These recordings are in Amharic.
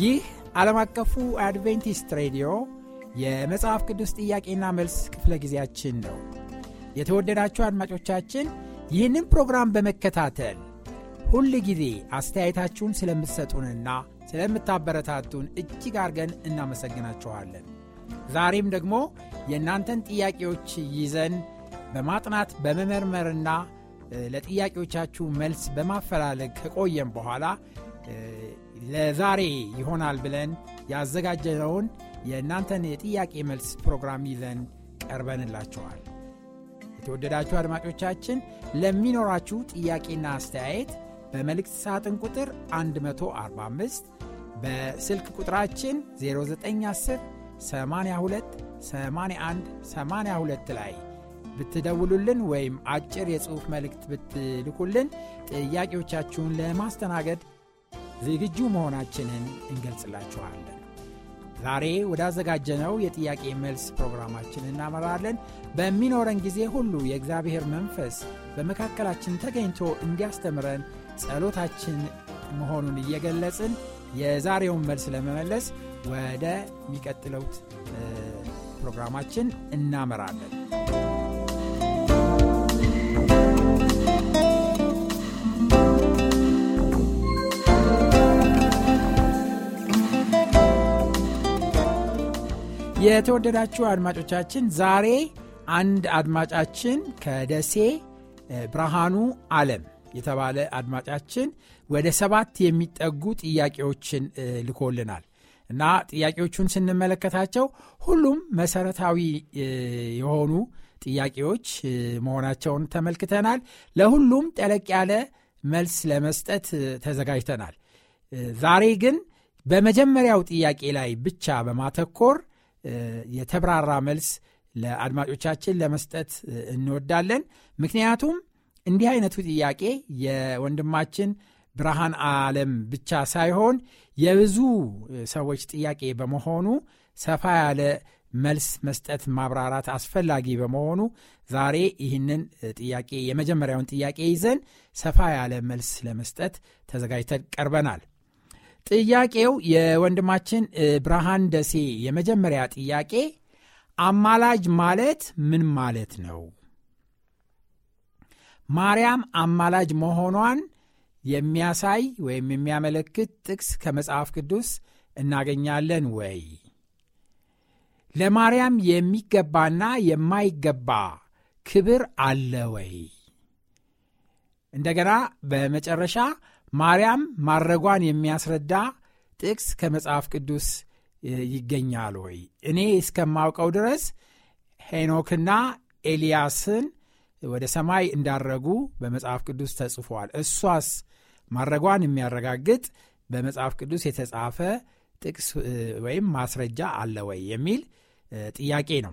ይህ ዓለም አቀፉ አድቬንቲስት ሬዲዮ የመጽሐፍ ቅዱስ ጥያቄና መልስ ክፍለ ጊዜያችን ነው። የተወደዳችሁ አድማጮቻችን ይህንን ፕሮግራም በመከታተል ሁል ጊዜ አስተያየታችሁን ስለምትሰጡንና ስለምታበረታቱን እጅግ አድርገን እናመሰግናችኋለን። ዛሬም ደግሞ የእናንተን ጥያቄዎች ይዘን በማጥናት በመመርመርና ለጥያቄዎቻችሁ መልስ በማፈላለግ ከቆየም በኋላ ለዛሬ ይሆናል ብለን ያዘጋጀነውን የእናንተን የጥያቄ መልስ ፕሮግራም ይዘን ቀርበንላችኋል። የተወደዳችሁ አድማጮቻችን ለሚኖራችሁ ጥያቄና አስተያየት በመልእክት ሳጥን ቁጥር 145 በስልክ ቁጥራችን 0910 82 81 82 ላይ ብትደውሉልን ወይም አጭር የጽሑፍ መልእክት ብትልኩልን ጥያቄዎቻችሁን ለማስተናገድ ዝግጁ መሆናችንን እንገልጽላችኋለን። ዛሬ ወዳዘጋጀነው የጥያቄ መልስ ፕሮግራማችን እናመራለን። በሚኖረን ጊዜ ሁሉ የእግዚአብሔር መንፈስ በመካከላችን ተገኝቶ እንዲያስተምረን ጸሎታችን መሆኑን እየገለጽን የዛሬውን መልስ ለመመለስ ወደ ሚቀጥለውት ፕሮግራማችን እናመራለን። የተወደዳችሁ አድማጮቻችን ዛሬ አንድ አድማጫችን ከደሴ ብርሃኑ አለም የተባለ አድማጫችን ወደ ሰባት የሚጠጉ ጥያቄዎችን ልኮልናል እና ጥያቄዎቹን ስንመለከታቸው ሁሉም መሰረታዊ የሆኑ ጥያቄዎች መሆናቸውን ተመልክተናል ለሁሉም ጠለቅ ያለ መልስ ለመስጠት ተዘጋጅተናል ዛሬ ግን በመጀመሪያው ጥያቄ ላይ ብቻ በማተኮር የተብራራ መልስ ለአድማጮቻችን ለመስጠት እንወዳለን። ምክንያቱም እንዲህ አይነቱ ጥያቄ የወንድማችን ብርሃን አለም ብቻ ሳይሆን የብዙ ሰዎች ጥያቄ በመሆኑ ሰፋ ያለ መልስ መስጠት ማብራራት አስፈላጊ በመሆኑ ዛሬ ይህንን ጥያቄ የመጀመሪያውን ጥያቄ ይዘን ሰፋ ያለ መልስ ለመስጠት ተዘጋጅተን ቀርበናል። ጥያቄው የወንድማችን ብርሃን ደሴ የመጀመሪያ ጥያቄ አማላጅ ማለት ምን ማለት ነው? ማርያም አማላጅ መሆኗን የሚያሳይ ወይም የሚያመለክት ጥቅስ ከመጽሐፍ ቅዱስ እናገኛለን ወይ? ለማርያም የሚገባና የማይገባ ክብር አለ ወይ? እንደገና በመጨረሻ ማርያም ማድረጓን የሚያስረዳ ጥቅስ ከመጽሐፍ ቅዱስ ይገኛል ወይ? እኔ እስከማውቀው ድረስ ሄኖክና ኤልያስን ወደ ሰማይ እንዳረጉ በመጽሐፍ ቅዱስ ተጽፏል። እሷስ ማድረጓን የሚያረጋግጥ በመጽሐፍ ቅዱስ የተጻፈ ጥቅስ ወይም ማስረጃ አለ ወይ የሚል ጥያቄ ነው።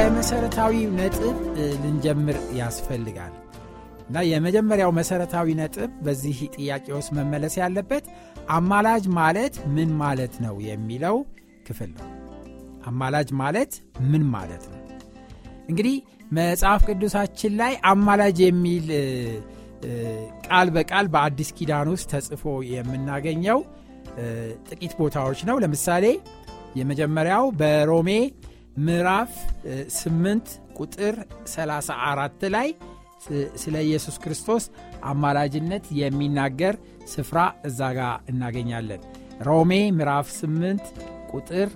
ከመሰረታዊ ነጥብ ልንጀምር ያስፈልጋል እና የመጀመሪያው መሰረታዊ ነጥብ በዚህ ጥያቄ ውስጥ መመለስ ያለበት አማላጅ ማለት ምን ማለት ነው የሚለው ክፍል ነው አማላጅ ማለት ምን ማለት ነው እንግዲህ መጽሐፍ ቅዱሳችን ላይ አማላጅ የሚል ቃል በቃል በአዲስ ኪዳን ውስጥ ተጽፎ የምናገኘው ጥቂት ቦታዎች ነው ለምሳሌ የመጀመሪያው በሮሜ ምዕራፍ 8 ቁጥር 34 ላይ ስለ ኢየሱስ ክርስቶስ አማላጅነት የሚናገር ስፍራ እዛ ጋ እናገኛለን ሮሜ ምዕራፍ 8 ቁጥር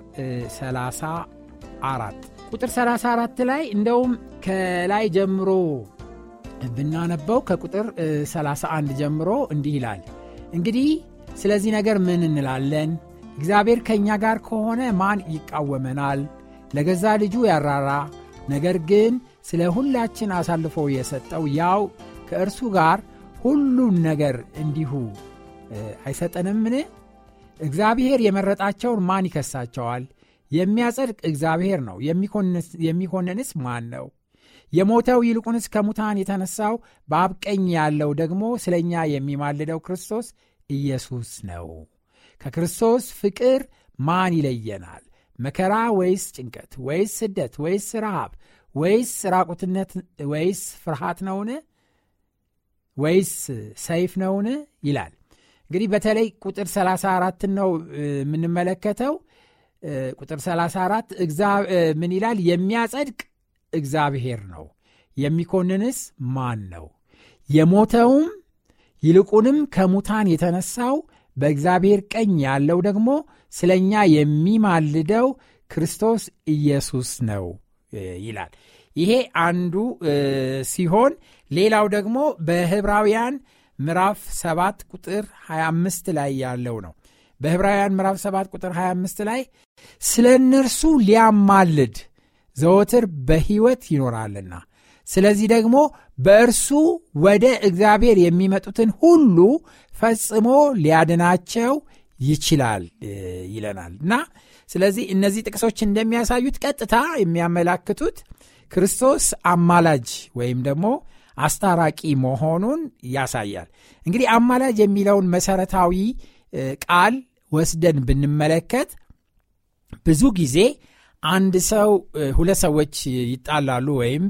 34 ቁጥር 34 ላይ እንደውም ከላይ ጀምሮ ብናነበው ከቁጥር 31 ጀምሮ እንዲህ ይላል እንግዲህ ስለዚህ ነገር ምን እንላለን እግዚአብሔር ከእኛ ጋር ከሆነ ማን ይቃወመናል ለገዛ ልጁ ያራራ፣ ነገር ግን ስለ ሁላችን አሳልፎ የሰጠው ያው ከእርሱ ጋር ሁሉን ነገር እንዲሁ አይሰጠንምን? እግዚአብሔር የመረጣቸውን ማን ይከሳቸዋል? የሚያጸድቅ እግዚአብሔር ነው። የሚኮንንስ ማን ነው? የሞተው ይልቁንስ ከሙታን የተነሳው በአብቀኝ ያለው ደግሞ ስለ እኛ የሚማልደው ክርስቶስ ኢየሱስ ነው። ከክርስቶስ ፍቅር ማን ይለየናል? መከራ ወይስ ጭንቀት ወይስ ስደት ወይስ ረሃብ ወይስ ራቁትነት ወይስ ፍርሃት ነውን ወይስ ሰይፍ ነውን ይላል እንግዲህ በተለይ ቁጥር 34 ነው የምንመለከተው ቁጥር 34 ምን ይላል የሚያጸድቅ እግዚአብሔር ነው የሚኮንንስ ማን ነው የሞተውም ይልቁንም ከሙታን የተነሳው በእግዚአብሔር ቀኝ ያለው ደግሞ ስለ እኛ የሚማልደው ክርስቶስ ኢየሱስ ነው ይላል። ይሄ አንዱ ሲሆን ሌላው ደግሞ በዕብራውያን ምዕራፍ 7 ቁጥር 25 ላይ ያለው ነው። በዕብራውያን ምዕራፍ 7 ቁጥር 25 ላይ ስለ እነርሱ ሊያማልድ ዘወትር በሕይወት ይኖራልና ስለዚህ ደግሞ በእርሱ ወደ እግዚአብሔር የሚመጡትን ሁሉ ፈጽሞ ሊያድናቸው ይችላል ይለናል እና ስለዚህ እነዚህ ጥቅሶች እንደሚያሳዩት ቀጥታ የሚያመላክቱት ክርስቶስ አማላጅ ወይም ደግሞ አስታራቂ መሆኑን ያሳያል እንግዲህ አማላጅ የሚለውን መሰረታዊ ቃል ወስደን ብንመለከት ብዙ ጊዜ አንድ ሰው ሁለት ሰዎች ይጣላሉ ወይም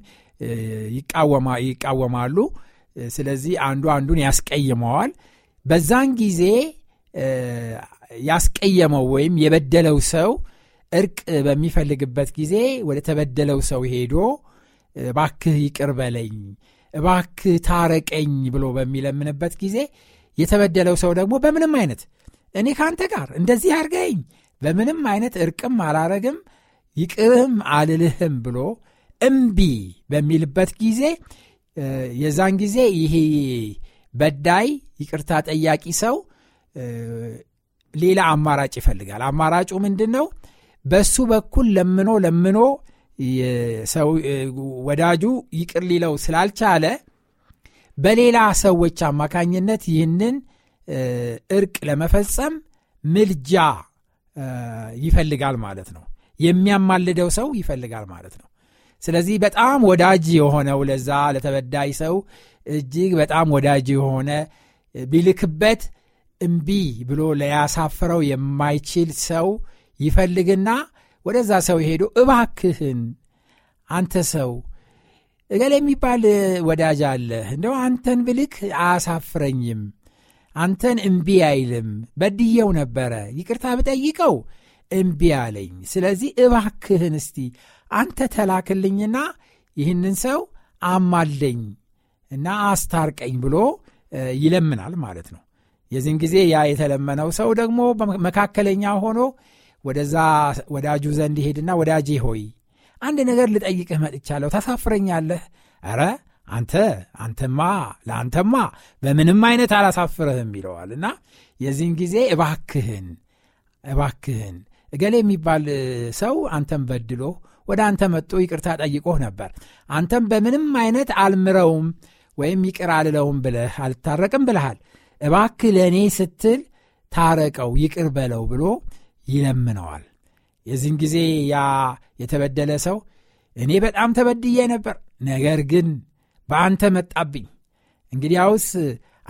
ይቃወማሉ ስለዚህ አንዱ አንዱን ያስቀይመዋል በዛን ጊዜ ያስቀየመው ወይም የበደለው ሰው እርቅ በሚፈልግበት ጊዜ ወደ ተበደለው ሰው ሄዶ እባክህ ይቅር በለኝ፣ እባክህ ታረቀኝ ብሎ በሚለምንበት ጊዜ የተበደለው ሰው ደግሞ በምንም አይነት እኔ ከአንተ ጋር እንደዚህ አርገኝ በምንም አይነት እርቅም አላረግም፣ ይቅርህም አልልህም ብሎ እምቢ በሚልበት ጊዜ የዛን ጊዜ ይሄ በዳይ ይቅርታ ጠያቂ ሰው ሌላ አማራጭ ይፈልጋል። አማራጩ ምንድን ነው? በሱ በኩል ለምኖ ለምኖ ሰው ወዳጁ ይቅር ሊለው ስላልቻለ በሌላ ሰዎች አማካኝነት ይህንን እርቅ ለመፈጸም ምልጃ ይፈልጋል ማለት ነው። የሚያማልደው ሰው ይፈልጋል ማለት ነው። ስለዚህ በጣም ወዳጅ የሆነው ለዛ ለተበዳይ ሰው እጅግ በጣም ወዳጅ የሆነ ቢልክበት እምቢ ብሎ ሊያሳፍረው የማይችል ሰው ይፈልግና ወደዛ ሰው ሄዶ እባክህን አንተ ሰው እገሌ የሚባል ወዳጅ አለህ፣ እንደው አንተን ብልክ አያሳፍረኝም፣ አንተን እምቢ አይልም፣ በድየው ነበረ ይቅርታ ብጠይቀው እምቢ አለኝ። ስለዚህ እባክህን እስቲ አንተ ተላክልኝና ይህንን ሰው አማለኝ እና አስታርቀኝ ብሎ ይለምናል ማለት ነው። የዚህን ጊዜ ያ የተለመነው ሰው ደግሞ መካከለኛ ሆኖ ወደዛ ወዳጁ ዘንድ ይሄድና ወዳጄ ሆይ አንድ ነገር ልጠይቅህ መጥቻለሁ፣ ታሳፍረኛለህ? ኧረ አንተ አንተማ ለአንተማ በምንም አይነት አላሳፍርህም ይለዋል። እና የዚህን ጊዜ እባክህን እባክህን እገሌ የሚባል ሰው አንተን በድሎ ወደ አንተ መጥቶ ይቅርታ ጠይቆህ ነበር፣ አንተም በምንም አይነት አልምረውም ወይም ይቅር አልለውም ብለህ አልታረቅም ብለሃል። እባክ ለእኔ ስትል ታረቀው ይቅር በለው ብሎ ይለምነዋል። የዚህን ጊዜ ያ የተበደለ ሰው እኔ በጣም ተበድዬ ነበር፣ ነገር ግን በአንተ መጣብኝ። እንግዲያውስ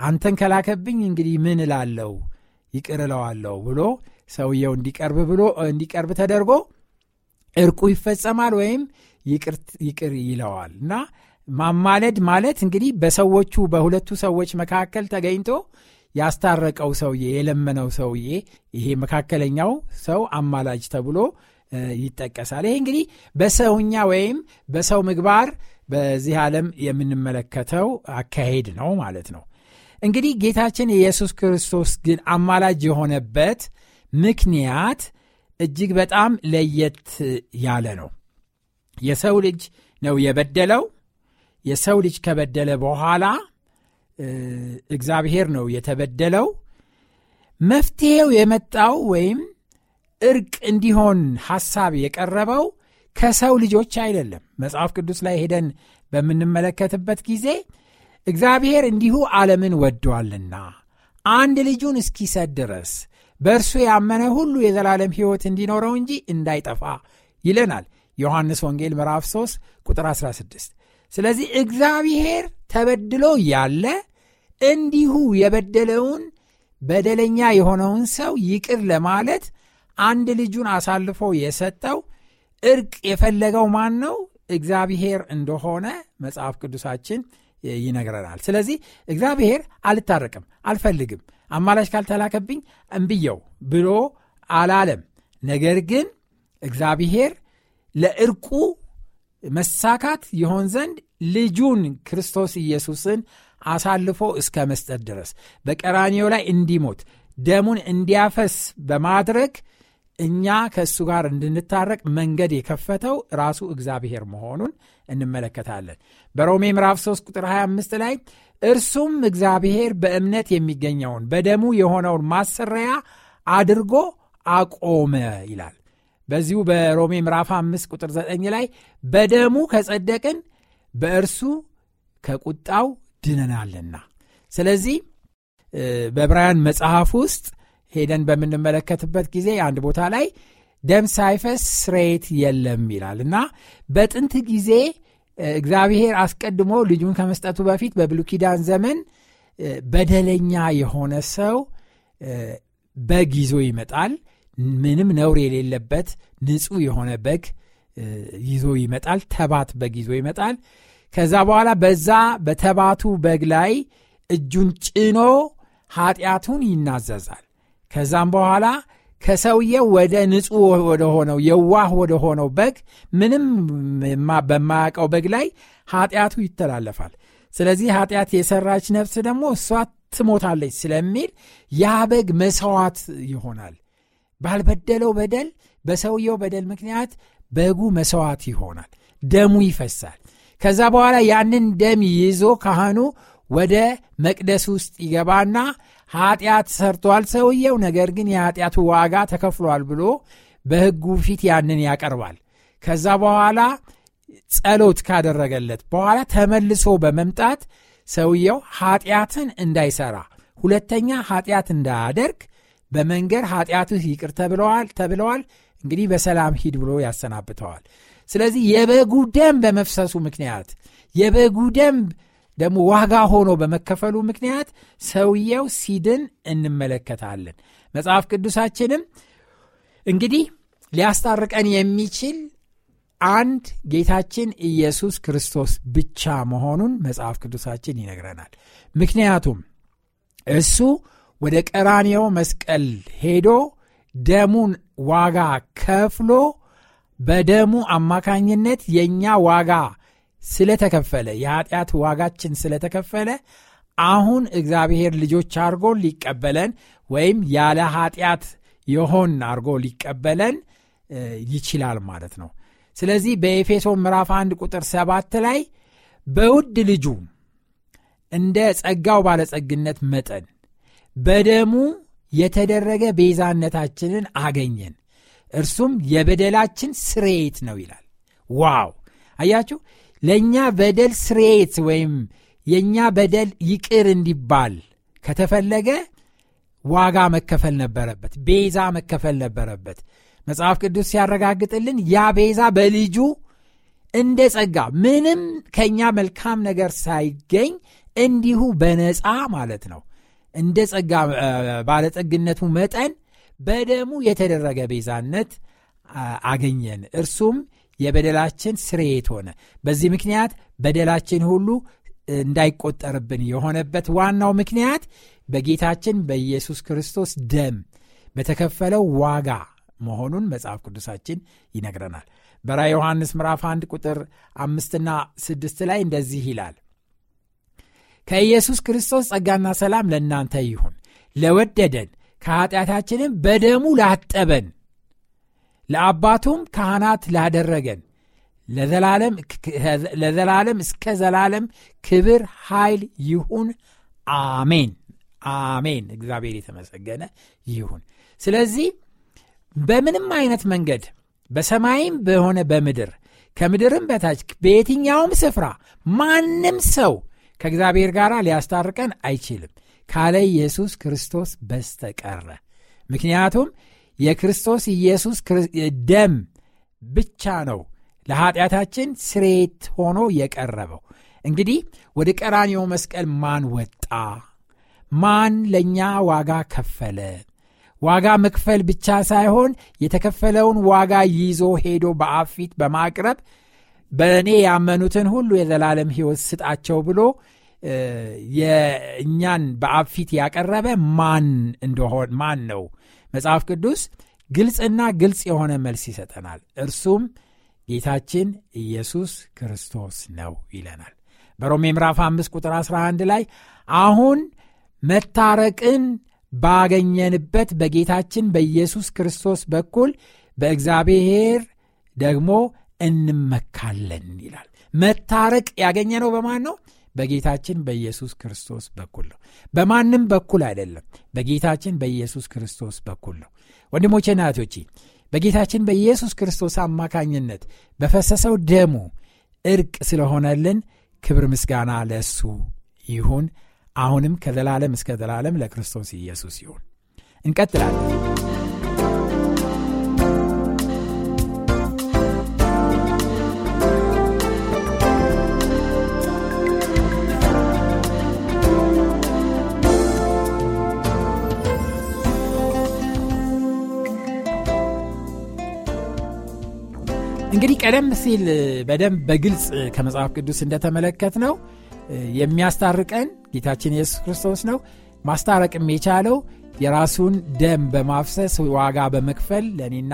አንተን ከላከብኝ እንግዲህ ምን እላለው ይቅር እለዋለሁ ብሎ ሰውየው እንዲቀርብ ብሎ እንዲቀርብ ተደርጎ እርቁ ይፈጸማል ወይም ይቅር ይለዋል እና ማማለድ ማለት እንግዲህ በሰዎቹ በሁለቱ ሰዎች መካከል ተገኝቶ ያስታረቀው ሰውዬ የለመነው ሰውዬ ይሄ መካከለኛው ሰው አማላጅ ተብሎ ይጠቀሳል። ይሄ እንግዲህ በሰውኛ ወይም በሰው ምግባር በዚህ ዓለም የምንመለከተው አካሄድ ነው ማለት ነው። እንግዲህ ጌታችን ኢየሱስ ክርስቶስ ግን አማላጅ የሆነበት ምክንያት እጅግ በጣም ለየት ያለ ነው። የሰው ልጅ ነው የበደለው የሰው ልጅ ከበደለ በኋላ እግዚአብሔር ነው የተበደለው። መፍትሄው የመጣው ወይም እርቅ እንዲሆን ሐሳብ የቀረበው ከሰው ልጆች አይደለም። መጽሐፍ ቅዱስ ላይ ሄደን በምንመለከትበት ጊዜ እግዚአብሔር እንዲሁ ዓለምን ወደዋልና አንድ ልጁን እስኪሰድ ድረስ በእርሱ ያመነ ሁሉ የዘላለም ሕይወት እንዲኖረው እንጂ እንዳይጠፋ ይለናል ዮሐንስ ወንጌል ምዕራፍ 3 ቁጥር 16 ስለዚህ እግዚአብሔር ተበድሎ ያለ እንዲሁ የበደለውን በደለኛ የሆነውን ሰው ይቅር ለማለት አንድ ልጁን አሳልፎ የሰጠው እርቅ የፈለገው ማን ነው? እግዚአብሔር እንደሆነ መጽሐፍ ቅዱሳችን ይነግረናል። ስለዚህ እግዚአብሔር አልታረቅም፣ አልፈልግም፣ አማላሽ ካልተላከብኝ እምብየው ብሎ አላለም። ነገር ግን እግዚአብሔር ለእርቁ መሳካት ይሆን ዘንድ ልጁን ክርስቶስ ኢየሱስን አሳልፎ እስከ መስጠት ድረስ በቀራኒዮ ላይ እንዲሞት ደሙን እንዲያፈስ በማድረግ እኛ ከእሱ ጋር እንድንታረቅ መንገድ የከፈተው ራሱ እግዚአብሔር መሆኑን እንመለከታለን። በሮሜ ምዕራፍ 3 ቁጥር 25 ላይ እርሱም እግዚአብሔር በእምነት የሚገኘውን በደሙ የሆነውን ማሰሪያ አድርጎ አቆመ ይላል። በዚሁ በሮሜ ምዕራፍ 5 ቁጥር 9 ላይ በደሙ ከጸደቅን በእርሱ ከቁጣው ድነናልና ስለዚህ በብራያን መጽሐፍ ውስጥ ሄደን በምንመለከትበት ጊዜ አንድ ቦታ ላይ ደም ሳይፈስ ስሬት የለም ይላል እና በጥንት ጊዜ እግዚአብሔር አስቀድሞ ልጁን ከመስጠቱ በፊት በብሉኪዳን ዘመን በደለኛ የሆነ ሰው በግ ይዞ ይመጣል። ምንም ነውር የሌለበት ንጹህ የሆነ በግ ይዞ ይመጣል። ተባት በግ ይዞ ይመጣል። ከዛ በኋላ በዛ በተባቱ በግ ላይ እጁን ጭኖ ኃጢአቱን ይናዘዛል። ከዛም በኋላ ከሰውየው ወደ ንጹሕ ወደሆነው የዋህ ወደሆነው በግ ምንም በማያውቀው በግ ላይ ኃጢአቱ ይተላለፋል። ስለዚህ ኃጢአት የሰራች ነፍስ ደግሞ እሷ ትሞታለች ስለሚል ያ በግ መሥዋዕት ይሆናል። ባልበደለው በደል በሰውየው በደል ምክንያት በጉ መሥዋዕት ይሆናል፣ ደሙ ይፈሳል። ከዛ በኋላ ያንን ደም ይዞ ካህኑ ወደ መቅደስ ውስጥ ይገባና ኃጢአት ሰርቷል ሰውየው፣ ነገር ግን የኃጢአቱ ዋጋ ተከፍሏል ብሎ በሕጉ ፊት ያንን ያቀርባል። ከዛ በኋላ ጸሎት ካደረገለት በኋላ ተመልሶ በመምጣት ሰውየው ኃጢአትን እንዳይሰራ ሁለተኛ ኃጢአት እንዳያደርግ በመንገድ ኃጢአትህ ይቅር ተብለዋል እንግዲህ በሰላም ሂድ ብሎ ያሰናብተዋል። ስለዚህ የበጉ ደም በመፍሰሱ ምክንያት የበጉ ደም ደግሞ ዋጋ ሆኖ በመከፈሉ ምክንያት ሰውየው ሲድን እንመለከታለን። መጽሐፍ ቅዱሳችንም እንግዲህ ሊያስታርቀን የሚችል አንድ ጌታችን ኢየሱስ ክርስቶስ ብቻ መሆኑን መጽሐፍ ቅዱሳችን ይነግረናል። ምክንያቱም እሱ ወደ ቀራንዮ መስቀል ሄዶ ደሙን ዋጋ ከፍሎ በደሙ አማካኝነት የእኛ ዋጋ ስለተከፈለ የኃጢአት ዋጋችን ስለተከፈለ አሁን እግዚአብሔር ልጆች አድርጎ ሊቀበለን ወይም ያለ ኃጢአት የሆን አድርጎ ሊቀበለን ይችላል ማለት ነው። ስለዚህ በኤፌሶ ምዕራፍ 1 ቁጥር 7 ላይ በውድ ልጁ እንደ ጸጋው ባለጸግነት መጠን በደሙ የተደረገ ቤዛነታችንን አገኘን፣ እርሱም የበደላችን ስርየት ነው ይላል። ዋው! አያችሁ ለእኛ በደል ስርየት ወይም የእኛ በደል ይቅር እንዲባል ከተፈለገ ዋጋ መከፈል ነበረበት፣ ቤዛ መከፈል ነበረበት። መጽሐፍ ቅዱስ ሲያረጋግጥልን ያ ቤዛ በልጁ እንደ ጸጋ ምንም ከእኛ መልካም ነገር ሳይገኝ እንዲሁ በነፃ ማለት ነው እንደ ጸጋ ባለጸግነቱ መጠን በደሙ የተደረገ ቤዛነት አገኘን። እርሱም የበደላችን ስርየት ሆነ። በዚህ ምክንያት በደላችን ሁሉ እንዳይቆጠርብን የሆነበት ዋናው ምክንያት በጌታችን በኢየሱስ ክርስቶስ ደም በተከፈለው ዋጋ መሆኑን መጽሐፍ ቅዱሳችን ይነግረናል። በራ ዮሐንስ ምዕራፍ 1 ቁጥር አምስትና ስድስት ላይ እንደዚህ ይላል ከኢየሱስ ክርስቶስ ጸጋና ሰላም ለእናንተ ይሁን። ለወደደን ከኀጢአታችንም በደሙ ላጠበን ለአባቱም ካህናት ላደረገን ለዘላለም እስከ ዘላለም ክብር ኃይል ይሁን አሜን አሜን። እግዚአብሔር የተመሰገነ ይሁን። ስለዚህ በምንም አይነት መንገድ በሰማይም በሆነ በምድር ከምድርም በታች በየትኛውም ስፍራ ማንም ሰው ከእግዚአብሔር ጋር ሊያስታርቀን አይችልም ካለ ኢየሱስ ክርስቶስ በስተቀረ ምክንያቱም የክርስቶስ ኢየሱስ ደም ብቻ ነው ለኃጢአታችን ስሬት ሆኖ የቀረበው እንግዲህ ወደ ቀራንዮ መስቀል ማን ወጣ ማን ለእኛ ዋጋ ከፈለ ዋጋ መክፈል ብቻ ሳይሆን የተከፈለውን ዋጋ ይዞ ሄዶ በአፊት በማቅረብ በእኔ ያመኑትን ሁሉ የዘላለም ሕይወት ስጣቸው ብሎ የእኛን በአብ ፊት ያቀረበ ማን እንደሆን ማን ነው? መጽሐፍ ቅዱስ ግልጽና ግልጽ የሆነ መልስ ይሰጠናል። እርሱም ጌታችን ኢየሱስ ክርስቶስ ነው ይለናል። በሮሜ ምዕራፍ 5 ቁጥር 11 ላይ አሁን መታረቅን ባገኘንበት በጌታችን በኢየሱስ ክርስቶስ በኩል በእግዚአብሔር ደግሞ እንመካለን ይላል። መታረቅ ያገኘ ነው በማን ነው? በጌታችን በኢየሱስ ክርስቶስ በኩል ነው። በማንም በኩል አይደለም። በጌታችን በኢየሱስ ክርስቶስ በኩል ነው። ወንድሞቼ እህቶቼ በጌታችን በኢየሱስ ክርስቶስ አማካኝነት በፈሰሰው ደሙ እርቅ ስለሆነልን ክብር ምስጋና ለእሱ ይሁን። አሁንም ከዘላለም እስከ ዘላለም ለክርስቶስ ኢየሱስ ይሁን። እንቀጥላለን። እንግዲህ ቀደም ሲል በደንብ በግልጽ ከመጽሐፍ ቅዱስ እንደተመለከት ነው የሚያስታርቀን ጌታችን ኢየሱስ ክርስቶስ ነው። ማስታረቅም የቻለው የራሱን ደም በማፍሰስ ዋጋ በመክፈል ለእኔና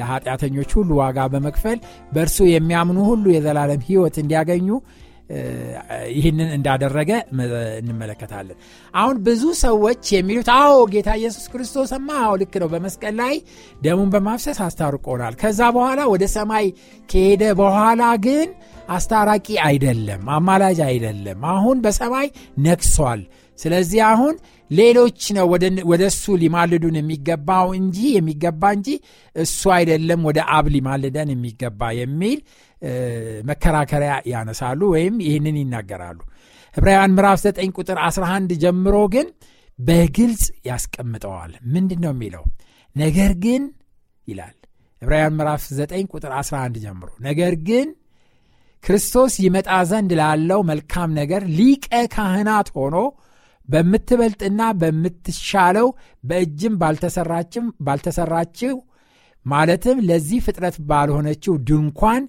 ለኃጢአተኞች ሁሉ ዋጋ በመክፈል በእርሱ የሚያምኑ ሁሉ የዘላለም ህይወት እንዲያገኙ ይህንን እንዳደረገ እንመለከታለን። አሁን ብዙ ሰዎች የሚሉት አዎ ጌታ ኢየሱስ ክርስቶስማ አዎ ልክ ነው፣ በመስቀል ላይ ደሙን በማፍሰስ አስታርቆናል። ከዛ በኋላ ወደ ሰማይ ከሄደ በኋላ ግን አስታራቂ አይደለም፣ አማላጅ አይደለም። አሁን በሰማይ ነግሷል። ስለዚህ አሁን ሌሎች ነው ወደ እሱ ሊማልዱን የሚገባው እንጂ የሚገባ እንጂ እሱ አይደለም ወደ አብ ሊማልደን የሚገባ የሚል መከራከሪያ ያነሳሉ ወይም ይህንን ይናገራሉ። ህብራውያን ምዕራፍ 9 ቁጥር 11 ጀምሮ ግን በግልጽ ያስቀምጠዋል። ምንድን ነው የሚለው? ነገር ግን ይላል ዕብራውያን ምዕራፍ 9 ቁጥር 11 ጀምሮ ነገር ግን ክርስቶስ ይመጣ ዘንድ ላለው መልካም ነገር ሊቀ ካህናት ሆኖ በምትበልጥና በምትሻለው በእጅም ባልተሰራችው ማለትም ለዚህ ፍጥረት ባልሆነችው ድንኳን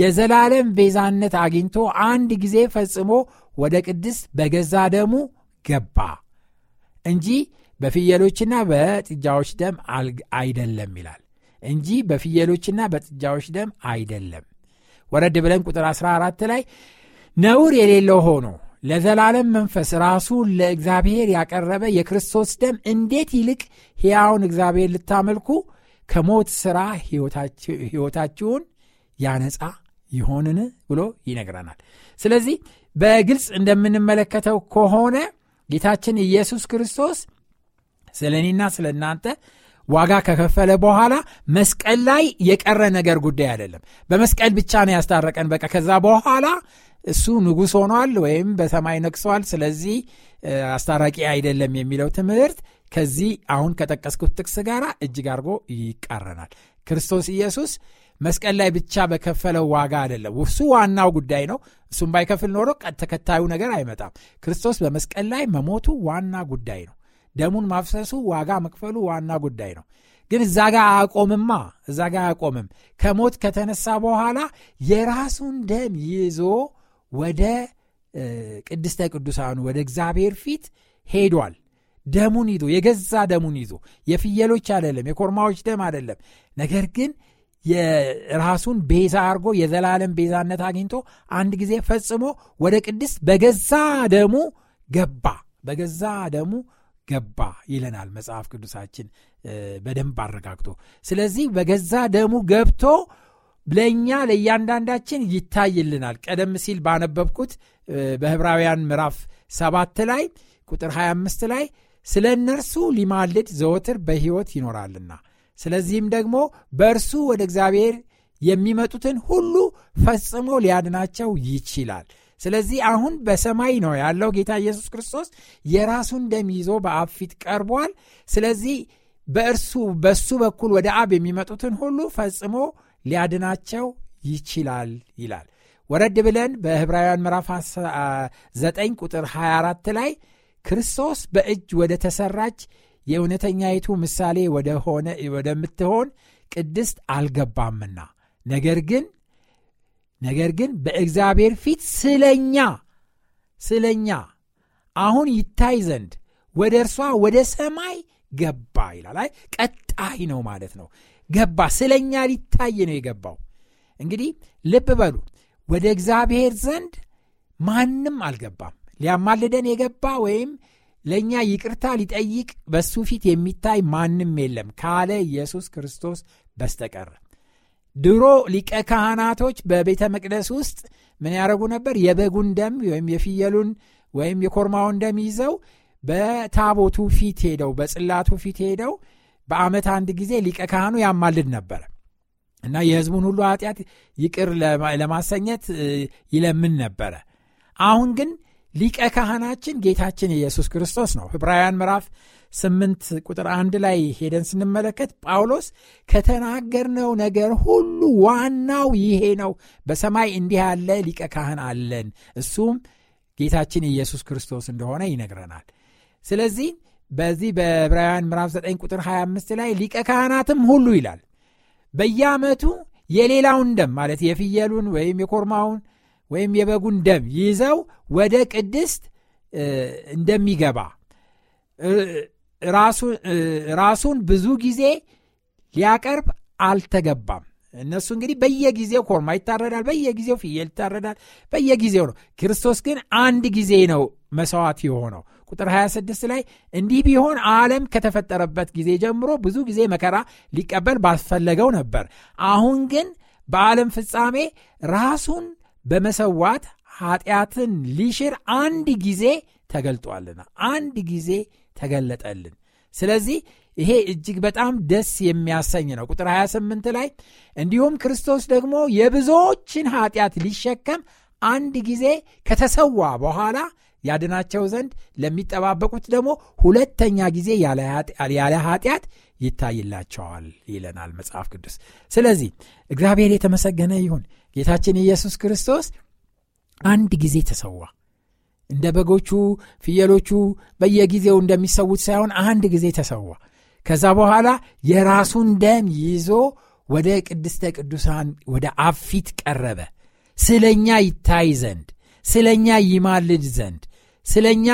የዘላለም ቤዛነት አግኝቶ አንድ ጊዜ ፈጽሞ ወደ ቅድስት በገዛ ደሙ ገባ እንጂ በፍየሎችና በጥጃዎች ደም አይደለም ይላል እንጂ በፍየሎችና በጥጃዎች ደም አይደለም ወረድ ብለን ቁጥር 14 ላይ ነውር የሌለው ሆኖ ለዘላለም መንፈስ ራሱን ለእግዚአብሔር ያቀረበ የክርስቶስ ደም እንዴት ይልቅ ሕያውን እግዚአብሔር ልታመልኩ ከሞት ሥራ ሕይወታችሁን ያነጻ ይሆንን ብሎ ይነግረናል። ስለዚህ በግልጽ እንደምንመለከተው ከሆነ ጌታችን ኢየሱስ ክርስቶስ ስለ እኔና ስለ እናንተ ዋጋ ከከፈለ በኋላ መስቀል ላይ የቀረ ነገር ጉዳይ አይደለም። በመስቀል ብቻ ነው ያስታረቀን። በቃ ከዛ በኋላ እሱ ንጉሥ ሆኗል ወይም በሰማይ ነግሷል። ስለዚህ አስታራቂ አይደለም የሚለው ትምህርት ከዚህ አሁን ከጠቀስኩት ጥቅስ ጋር እጅግ አድርጎ ይቃረናል። ክርስቶስ ኢየሱስ መስቀል ላይ ብቻ በከፈለው ዋጋ አይደለም፣ እሱ ዋናው ጉዳይ ነው። እሱም ባይከፍል ኖሮ ተከታዩ ነገር አይመጣም። ክርስቶስ በመስቀል ላይ መሞቱ ዋና ጉዳይ ነው። ደሙን ማፍሰሱ ዋጋ መክፈሉ ዋና ጉዳይ ነው። ግን እዛ ጋር አያቆምማ። እዛ ጋር አያቆምም። ከሞት ከተነሳ በኋላ የራሱን ደም ይዞ ወደ ቅድስተ ቅዱሳኑ ወደ እግዚአብሔር ፊት ሄዷል። ደሙን ይዞ የገዛ ደሙን ይዞ የፍየሎች አይደለም የኮርማዎች ደም አይደለም ነገር ግን የራሱን ቤዛ አድርጎ የዘላለም ቤዛነት አግኝቶ አንድ ጊዜ ፈጽሞ ወደ ቅድስት በገዛ ደሙ ገባ በገዛ ደሙ ገባ ይለናል መጽሐፍ ቅዱሳችን በደንብ አረጋግጦ ስለዚህ በገዛ ደሙ ገብቶ ለእኛ ለእያንዳንዳችን ይታይልናል ቀደም ሲል ባነበብኩት በህብራውያን ምዕራፍ ሰባት ላይ ቁጥር 25 ላይ ስለ እነርሱ ሊማልድ ዘወትር በሕይወት ይኖራልና ስለዚህም ደግሞ በእርሱ ወደ እግዚአብሔር የሚመጡትን ሁሉ ፈጽሞ ሊያድናቸው ይችላል ስለዚህ አሁን በሰማይ ነው ያለው ጌታ ኢየሱስ ክርስቶስ የራሱን ደም ይዞ በአብ ፊት ቀርቧል ስለዚህ በእርሱ በእሱ በኩል ወደ አብ የሚመጡትን ሁሉ ፈጽሞ ሊያድናቸው ይችላል ይላል ወረድ ብለን በዕብራውያን ምዕራፍ 9 ቁጥር 24 ላይ ክርስቶስ በእጅ ወደ ተሰራች የእውነተኛይቱ ምሳሌ ወደሆነ ወደምትሆን ቅድስት አልገባምና ነገር ግን ነገር ግን በእግዚአብሔር ፊት ስለኛ ስለኛ አሁን ይታይ ዘንድ ወደ እርሷ ወደ ሰማይ ገባ ይላል። አይ ቀጣይ ነው ማለት ነው። ገባ ስለኛ ሊታይ ነው የገባው። እንግዲህ ልብ በሉ፣ ወደ እግዚአብሔር ዘንድ ማንም አልገባም። ሊያማልደን የገባ ወይም ለእኛ ይቅርታ ሊጠይቅ በሱ ፊት የሚታይ ማንም የለም ካለ ኢየሱስ ክርስቶስ በስተቀር። ድሮ ሊቀ ካህናቶች በቤተ መቅደስ ውስጥ ምን ያደረጉ ነበር? የበጉን ደም ወይም የፍየሉን ወይም የኮርማውን ደም ይዘው በታቦቱ ፊት ሄደው በጽላቱ ፊት ሄደው በአመት አንድ ጊዜ ሊቀ ካህኑ ያማልድ ነበር እና የህዝቡን ሁሉ ኃጢአት ይቅር ለማሰኘት ይለምን ነበረ። አሁን ግን ሊቀ ካህናችን ጌታችን ኢየሱስ ክርስቶስ ነው። ዕብራውያን ምዕራፍ 8 ቁጥር 1 ላይ ሄደን ስንመለከት ጳውሎስ ከተናገርነው ነገር ሁሉ ዋናው ይሄ ነው፣ በሰማይ እንዲህ ያለ ሊቀ ካህን አለን፣ እሱም ጌታችን ኢየሱስ ክርስቶስ እንደሆነ ይነግረናል። ስለዚህ በዚህ በዕብራውያን ምዕራፍ 9 ቁጥር 25 ላይ ሊቀ ካህናትም ሁሉ ይላል በየዓመቱ የሌላውን ደም ማለት የፍየሉን ወይም የኮርማውን ወይም የበጉን ደም ይዘው ወደ ቅድስት እንደሚገባ ራሱን ብዙ ጊዜ ሊያቀርብ አልተገባም። እነሱ እንግዲህ በየጊዜው ኮርማ ይታረዳል፣ በየጊዜው ፍየል ይታረዳል፣ በየጊዜው ነው። ክርስቶስ ግን አንድ ጊዜ ነው መሰዋት የሆነው። ቁጥር 26 ላይ እንዲህ ቢሆን አለም ከተፈጠረበት ጊዜ ጀምሮ ብዙ ጊዜ መከራ ሊቀበል ባስፈለገው ነበር። አሁን ግን በዓለም ፍጻሜ ራሱን በመሰዋት ኃጢአትን ሊሽር አንድ ጊዜ ተገልጧልና አንድ ጊዜ ተገለጠልን። ስለዚህ ይሄ እጅግ በጣም ደስ የሚያሰኝ ነው። ቁጥር 28 ላይ እንዲሁም ክርስቶስ ደግሞ የብዙዎችን ኃጢአት ሊሸከም አንድ ጊዜ ከተሰዋ በኋላ ያድናቸው ዘንድ ለሚጠባበቁት ደግሞ ሁለተኛ ጊዜ ያለ ኃጢአት ይታይላቸዋል ይለናል መጽሐፍ ቅዱስ። ስለዚህ እግዚአብሔር የተመሰገነ ይሁን። ጌታችን ኢየሱስ ክርስቶስ አንድ ጊዜ ተሰዋ። እንደ በጎቹ ፍየሎቹ በየጊዜው እንደሚሰዉት ሳይሆን አንድ ጊዜ ተሰዋ። ከዛ በኋላ የራሱን ደም ይዞ ወደ ቅድስተ ቅዱሳን ወደ አፊት ቀረበ። ስለኛ ይታይ ዘንድ፣ ስለኛ ይማልድ ዘንድ፣ ስለኛ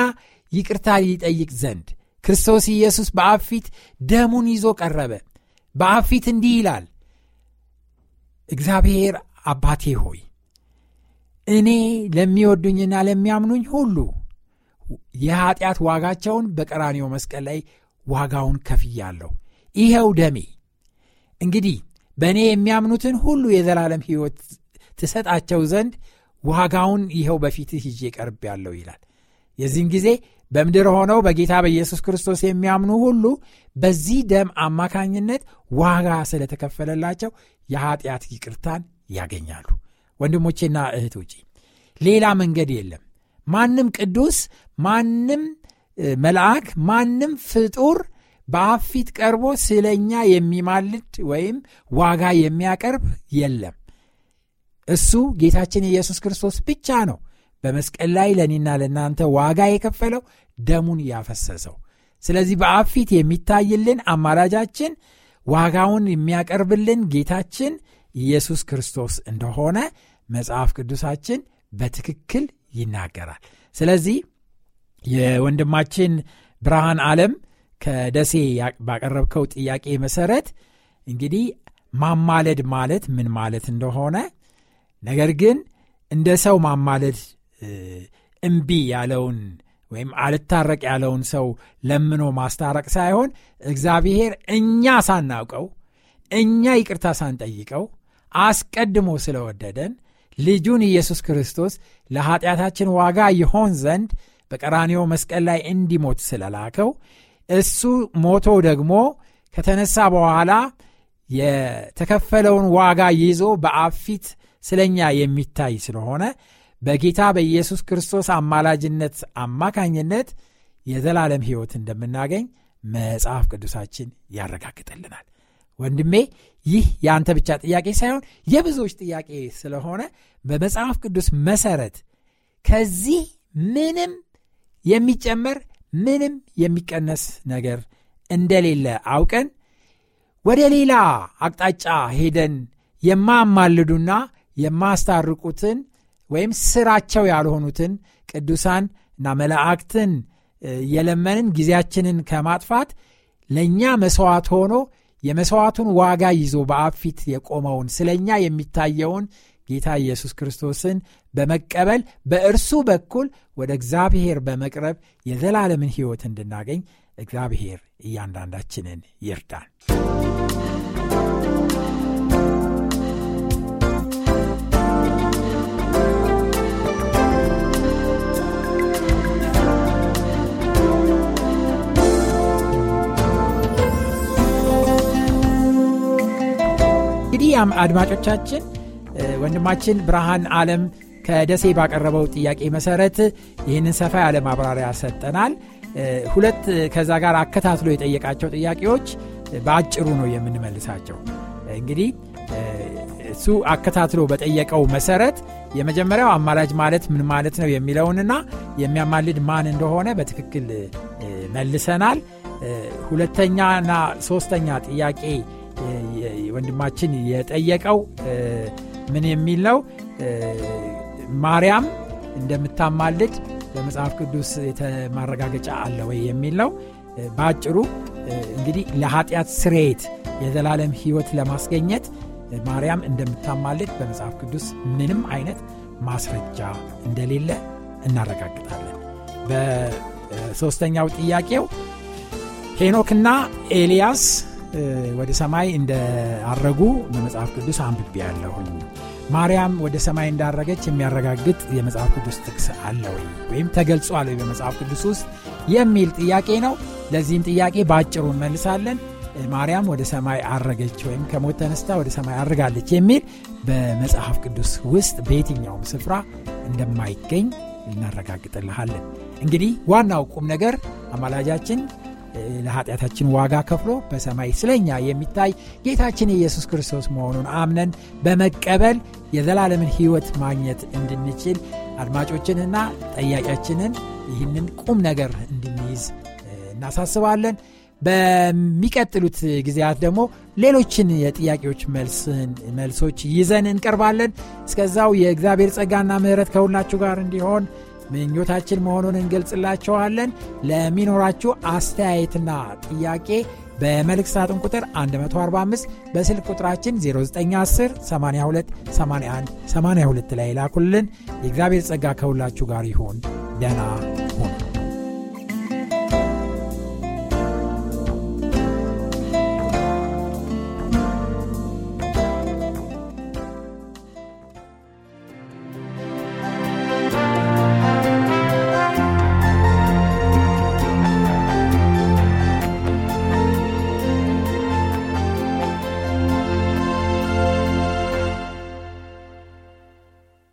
ይቅርታ ይጠይቅ ዘንድ ክርስቶስ ኢየሱስ በአፊት ደሙን ይዞ ቀረበ። በአፊት እንዲህ ይላል፣ እግዚአብሔር አባቴ ሆይ እኔ ለሚወዱኝና ለሚያምኑኝ ሁሉ የኀጢአት ዋጋቸውን በቀራኔው መስቀል ላይ ዋጋውን ከፍያለሁ፣ ይኸው ደሜ። እንግዲህ በእኔ የሚያምኑትን ሁሉ የዘላለም ሕይወት ትሰጣቸው ዘንድ ዋጋውን ይኸው በፊትህ ይዤ ያለው ይላል። የዚህን ጊዜ በምድር ሆነው በጌታ በኢየሱስ ክርስቶስ የሚያምኑ ሁሉ በዚህ ደም አማካኝነት ዋጋ ስለተከፈለላቸው የኀጢአት ይቅርታን ያገኛሉ። ወንድሞቼና እህቶቼ ሌላ መንገድ የለም። ማንም ቅዱስ፣ ማንም መልአክ፣ ማንም ፍጡር በአብ ፊት ቀርቦ ስለኛ የሚማልድ ወይም ዋጋ የሚያቀርብ የለም። እሱ ጌታችን ኢየሱስ ክርስቶስ ብቻ ነው በመስቀል ላይ ለእኔና ለእናንተ ዋጋ የከፈለው ደሙን ያፈሰሰው። ስለዚህ በአብ ፊት የሚታይልን አማራጃችን ዋጋውን የሚያቀርብልን ጌታችን ኢየሱስ ክርስቶስ እንደሆነ መጽሐፍ ቅዱሳችን በትክክል ይናገራል። ስለዚህ የወንድማችን ብርሃን ዓለም ከደሴ ባቀረብከው ጥያቄ መሰረት እንግዲህ ማማለድ ማለት ምን ማለት እንደሆነ ነገር ግን እንደ ሰው ማማለድ እምቢ ያለውን ወይም አልታረቅ ያለውን ሰው ለምኖ ማስታረቅ ሳይሆን እግዚአብሔር እኛ ሳናውቀው እኛ ይቅርታ ሳንጠይቀው አስቀድሞ ስለወደደን ልጁን ኢየሱስ ክርስቶስ ለኃጢአታችን ዋጋ ይሆን ዘንድ በቀራኒዮ መስቀል ላይ እንዲሞት ስለላከው እሱ ሞቶ ደግሞ ከተነሳ በኋላ የተከፈለውን ዋጋ ይዞ በአፊት ስለኛ የሚታይ ስለሆነ በጌታ በኢየሱስ ክርስቶስ አማላጅነት አማካኝነት የዘላለም ሕይወት እንደምናገኝ መጽሐፍ ቅዱሳችን ያረጋግጥልናል። ወንድሜ ይህ የአንተ ብቻ ጥያቄ ሳይሆን የብዙዎች ጥያቄ ስለሆነ በመጽሐፍ ቅዱስ መሰረት ከዚህ ምንም የሚጨመር ምንም የሚቀነስ ነገር እንደሌለ አውቀን ወደ ሌላ አቅጣጫ ሄደን የማያማልዱና የማያስታርቁትን ወይም ስራቸው ያልሆኑትን ቅዱሳን እና መላእክትን የለመንን ጊዜያችንን ከማጥፋት ለእኛ መሥዋዕት ሆኖ የመሥዋዕቱን ዋጋ ይዞ በአብ ፊት የቆመውን ስለ እኛ የሚታየውን ጌታ ኢየሱስ ክርስቶስን በመቀበል በእርሱ በኩል ወደ እግዚአብሔር በመቅረብ የዘላለምን ሕይወት እንድናገኝ እግዚአብሔር እያንዳንዳችንን ይርዳል። በመጨረሻም አድማጮቻችን ወንድማችን ብርሃን አለም ከደሴ ባቀረበው ጥያቄ መሰረት ይህንን ሰፋ ያለ ማብራሪያ ሰጠናል ሁለት ከዛ ጋር አከታትሎ የጠየቃቸው ጥያቄዎች በአጭሩ ነው የምንመልሳቸው እንግዲህ እሱ አከታትሎ በጠየቀው መሰረት የመጀመሪያው አማላጅ ማለት ምን ማለት ነው የሚለውንና የሚያማልድ ማን እንደሆነ በትክክል መልሰናል ሁለተኛና ሶስተኛ ጥያቄ ወንድማችን የጠየቀው ምን የሚል ነው ማርያም እንደምታማልድ በመጽሐፍ ቅዱስ የተማረጋገጫ አለ ወይ የሚል ነው በአጭሩ እንግዲህ ለኃጢአት ስሬት የዘላለም ህይወት ለማስገኘት ማርያም እንደምታማልድ በመጽሐፍ ቅዱስ ምንም አይነት ማስረጃ እንደሌለ እናረጋግጣለን በሦስተኛው ጥያቄው ሄኖክና ኤልያስ ወደ ሰማይ እንዳረጉ በመጽሐፍ ቅዱስ አንብቤ ያለሁኝ። ማርያም ወደ ሰማይ እንዳረገች የሚያረጋግጥ የመጽሐፍ ቅዱስ ጥቅስ አለ ወይ ወይም ተገልጿል ወይ በመጽሐፍ ቅዱስ ውስጥ የሚል ጥያቄ ነው። ለዚህም ጥያቄ በአጭሩ እንመልሳለን። ማርያም ወደ ሰማይ አረገች ወይም ከሞት ተነስታ ወደ ሰማይ አርጋለች የሚል በመጽሐፍ ቅዱስ ውስጥ በየትኛውም ስፍራ እንደማይገኝ እናረጋግጥልሃለን። እንግዲህ ዋናው ቁም ነገር አማላጃችን ለኃጢአታችን ዋጋ ከፍሎ በሰማይ ስለኛ የሚታይ ጌታችን ኢየሱስ ክርስቶስ መሆኑን አምነን በመቀበል የዘላለምን ሕይወት ማግኘት እንድንችል አድማጮችንና ጠያቂያችንን ይህንን ቁም ነገር እንድንይዝ እናሳስባለን። በሚቀጥሉት ጊዜያት ደግሞ ሌሎችን የጥያቄዎች መልሶች ይዘን እንቀርባለን። እስከዛው የእግዚአብሔር ጸጋና ምህረት ከሁላችሁ ጋር እንዲሆን ምኞታችን መሆኑን እንገልጽላችኋለን። ለሚኖራችሁ አስተያየትና ጥያቄ በመልእክት ሳጥን ቁጥር 145 በስልክ ቁጥራችን 0910 82 81 82 ላይ ላኩልን። የእግዚአብሔር ጸጋ ከሁላችሁ ጋር ይሁን። ደና ሁ